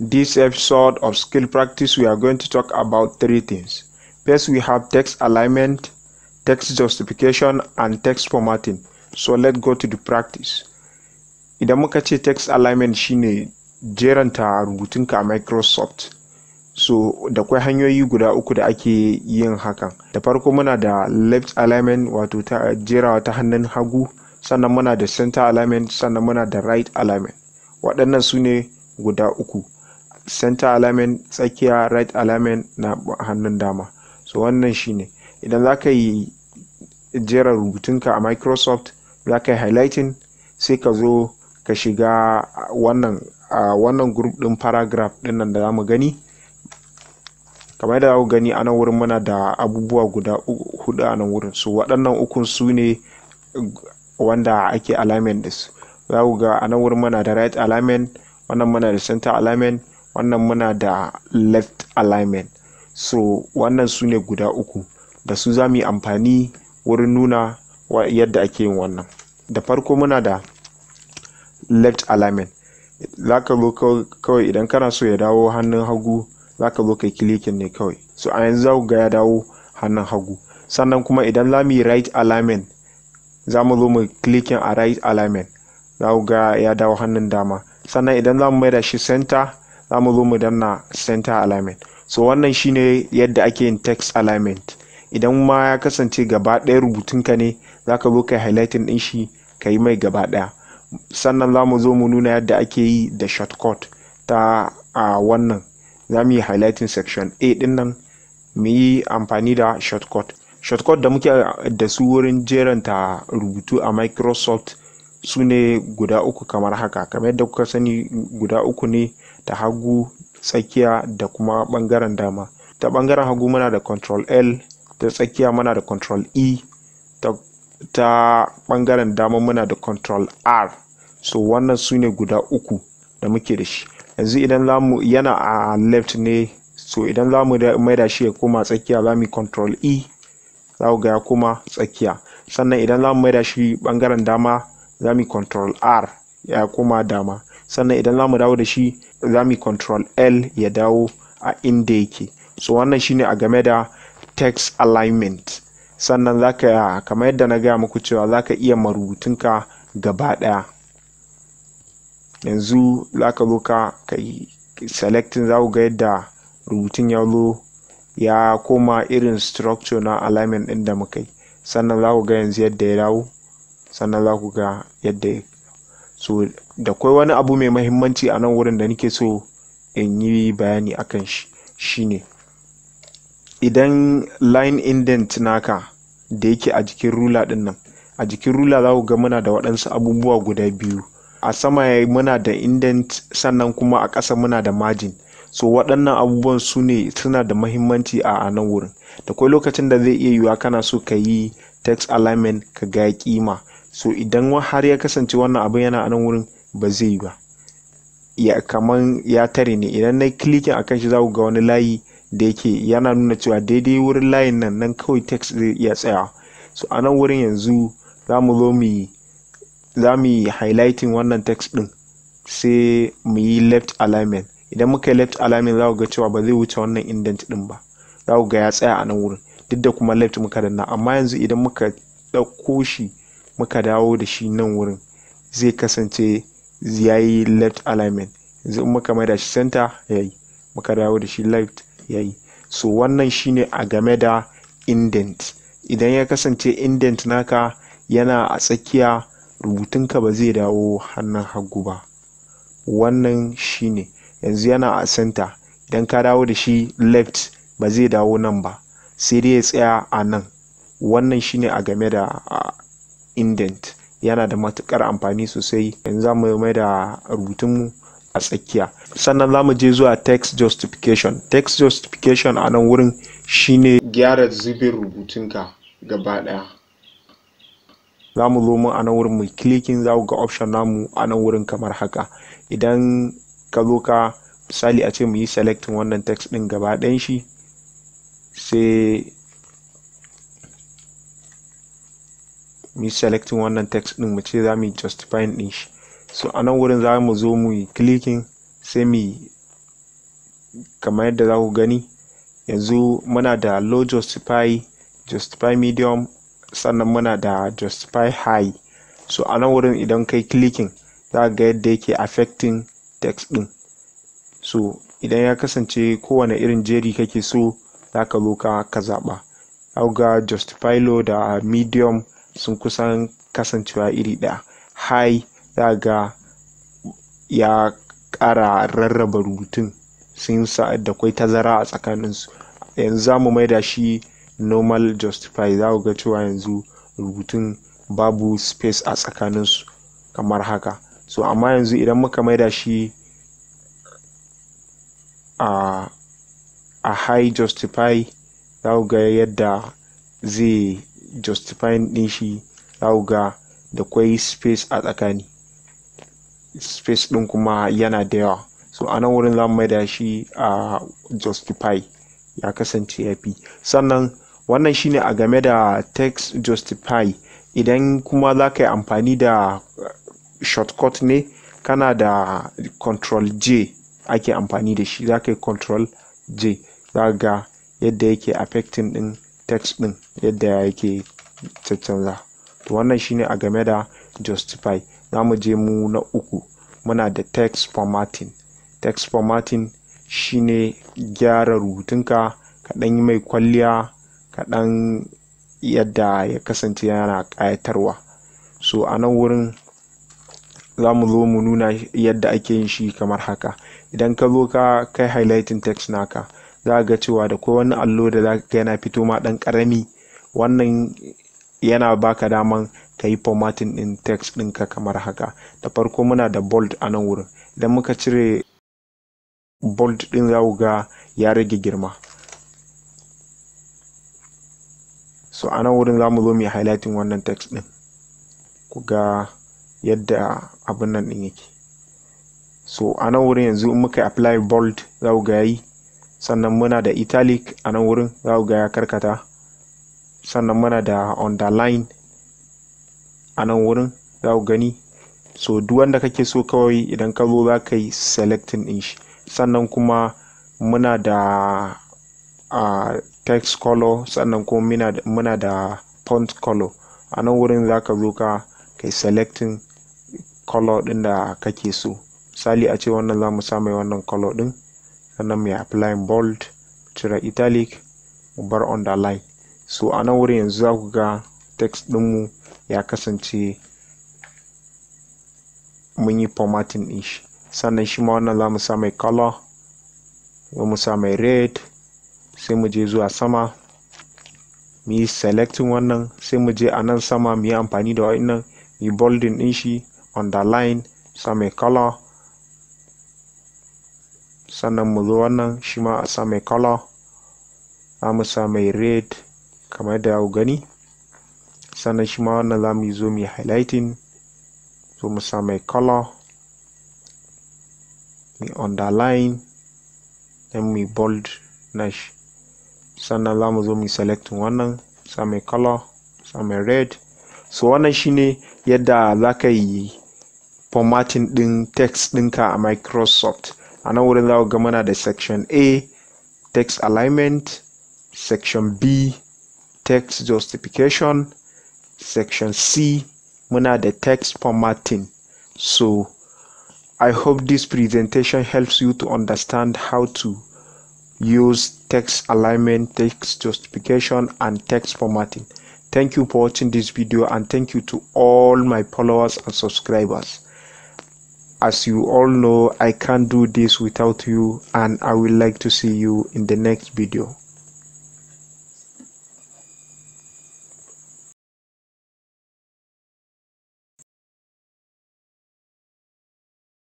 this episode of skill practice we are going to talk about three things first we have text alignment text justification and text formatting so let's go to the practice idan muka ce text alignment shine jeranta rubutunka a microsoft so da kwai hanyoyi guda uku da ake yin hakan da farko muna da left alignment wato ta jerawa ta hannun hagu sannan muna da center alignment sannan muna da right alignment waɗannan su ne guda uku center alignment tsakiya right alignment na hannun dama so wannan shine idan za ka yi jera rubutunka a microsoft za ka yi highlighting sai ka zo ka shiga wannan wannan group din paragraph din nan da za mu gani kamar yadda za ku gani a nan wurin muna da abubuwa guda hudu a nan wurin so waɗannan ukun su ne wanda ake alignment da su za ku ga a nan wurin muna da right alignment wannan muna da center alignment wannan muna da left alignment so wannan su ne guda uku da su za mu yi amfani wurin nuna yadda ake yin wannan da farko muna da left alignment za ka zo kawai idan kana so ya dawo hannun hagu za ka zo kai kilikin ne kawai so a yanzu za ku ga ya dawo hannun hagu sannan kuma idan za mu yi right alignment za mu zo mu kilikin a right alignment za ku ga ya dawo hannun dama sannan idan za mu maida shi center za mu zo mu danna center alignment so wannan shine yadda ake yin text alignment idan ma ya kasance gaba ɗaya rubutunka ne za ka zo ka highlighting ɗin shi ka yi mai gaba ɗaya sannan za mu zo mu nuna yadda ake yi da shortcut ta a wannan za mu yi highlighting section a ɗin nan mu yi amfani da shortcut shortcut da muke da su wurin jeranta rubutu a microsoft su ne guda uku kamar haka kamar yadda kuka sani guda uku ne da hagu tsakiya da kuma bangaren dama ta bangaren hagu muna da control l ta tsakiya muna da control e ta, ta bangaren dama muna da control r so wannan su ne guda uku da muke da shi yanzu idan zamu yana a left ne so idan za mu maida shi ya koma tsakiya za mu control e za ga ya koma tsakiya sannan idan za mu maida shi bangaren dama za mu control r ya koma dama sannan idan za mu dawo da shi za mu control l ya dawo a inda yake so wannan shine a game da text alignment sannan za ka kamar yadda na gaya muku cewa zaka iya marubutunka gaba daya yanzu zaka zo ka kai selecting za ku ga yadda rubutun ya zo ya koma irin structure na alignment ɗin da muka yi sannan za ku ga yanzu yadda ya dawo sannan za ku ga yadda ya so da kwai wani abu mai mahimmanci a nan wurin da nake so in yi bayani akan shi shine idan line indent naka da yake a jikin rula din nan a jikin rula za ku ga muna da waɗansu abubuwa guda biyu a sama muna da indent sannan kuma a ƙasa muna da margin so waɗannan abubuwan su ne suna da mahimmanci a nan wurin da kwai lokacin da zai iya yiwuwa kana so ka yi text alignment ka ga kima so idan har ya kasance wannan abin yana a nan wurin ba zai yi ba ya kaman ya tare ne idan na klikin akan shi za ku ga wani layi da yake yana nuna cewa daidai wurin layin nan nan kawai text zai iya tsaya so a nan wurin yanzu za mu zo mu za mu yi highlighting wannan text din sai mu yi left alignment idan muka yi left alignment za ku ga cewa ba zai wuce wannan indent din ba za ku ga ya tsaya a nan wurin duk da kuma left muka danna amma yanzu idan muka ɗauko shi muka dawo da shi nan wurin zai kasance ya yi left alignment in muka mai da shi center ya yi muka dawo da shi left ya yi so wannan shine a game da indent idan ya kasance indent naka yana a tsakiya rubutunka ba zai dawo hannun hagu ba wannan shine yanzu yana a center idan ka dawo da shi left ba zai dawo nan ba sai dai ya tsaya a nan wannan shine a game da indent yana da matukar amfani sosai yanzu za mu mai da rubutunmu a tsakiya sannan za mu je zuwa text justification text justification a nan wurin shine gyara zubin rubutunka gaba daya za mu zo mu a nan wurin mu clicking za ga option namu a nan wurin kamar haka idan ka zo ka misali a ce mu yi selecting wannan text din gaba ɗayan shi sai mu yi selecting wannan text din mu ce za mu yi din shi so a nan wurin za mu zo mu yi clicking sai mu kamar yadda za ku gani yanzu muna da low justify justify medium sannan muna da justify high so a nan wurin idan kai clicking za ga yadda yake affecting text din so idan ya kasance kowane irin jeri kake so za ka zo ka zaɓa ga justify low da medium sun kusan kasancewa iri ɗaya hai za ga ya ƙara rarraba rubutun sun sa da kwai tazara a tsakaninsu yanzu za mu maida shi normal justify za ga cewa yanzu rubutun babu space a tsakaninsu kamar haka so amma yanzu idan muka maida shi a a high justify za ga yadda zai justifying din shi za da kwai space a tsakani space din kuma yana da yawa so a nan wurin za mu maida shi a justify ya kasance ya fi sannan wannan shine a game da text justify idan kuma za ka yi amfani da uh, shortcut ne kana da control j ake amfani da shi za ka yi control j za ga yadda yake affecting din text ɗin yadda yake caccanza to wannan shine a game da justify za mu je mu na uku muna da text formatting text formatting shine gyara rubutun ka ɗan yi mai kwalliya ka ɗan yadda ya kasance yana ƙayatarwa so a nan wurin za mu zo mu nuna yadda ake yin shi kamar haka idan ka zo ka kai highlighting text naka za ga cewa da kwai wani allo da za yana fito ma dan karami wannan yana baka daman ka yi formatting din text ɗinka kamar haka da farko muna da bold a nan wurin idan muka cire bold din za ga ya rage girma so a nan wurin za mu zo mu yi wannan text ɗin ku ga yadda abin nan din yake so a nan wurin yanzu in muka apply bold za ga yi. sannan muna da italic a nan wurin za ga ya karkata sannan muna da underline a nan wurin za gani so duk wanda kake so kawai idan ka zo za ka yi selecting din shi sannan kuma muna da uh, text color sannan kuma muna da font color a nan wurin za ka zo ka kai selecting color din da kake so misali a ce wannan za mu sa mai wannan color din. sannan mai apply applying bold cire italic mu bar underline so a nan wurin yanzu za ku ga text ɗinmu ya kasance mun yi formatting ɗin shi sannan shi ma wannan za mu sa mai color za mu sa mai red sai mu je zuwa sama mu yi selecting wannan sai mu je a nan sama mu yi amfani da wa'innan mu yi bolding ɗin shi underline sa mai color sannan mu zo wannan shi ma a sa mai color za mu sa mai red kamar da ku gani sannan shi ma wannan za mu zo mai highlighting zo mu sa mai color mai underline then mai bold nashi sannan za mu zo mai selecting wannan sa mai color sa mai red so wannan shine yadda za ka yi formatting din text ɗinka a microsoft along with that we're the section a text alignment section b text justification section c muna the text formatting so i hope this presentation helps you to understand how to use text alignment text justification and text formatting thank you for watching this video and thank you to all my followers and subscribers as you all know I can't do this without you and I would like to see you in the next video.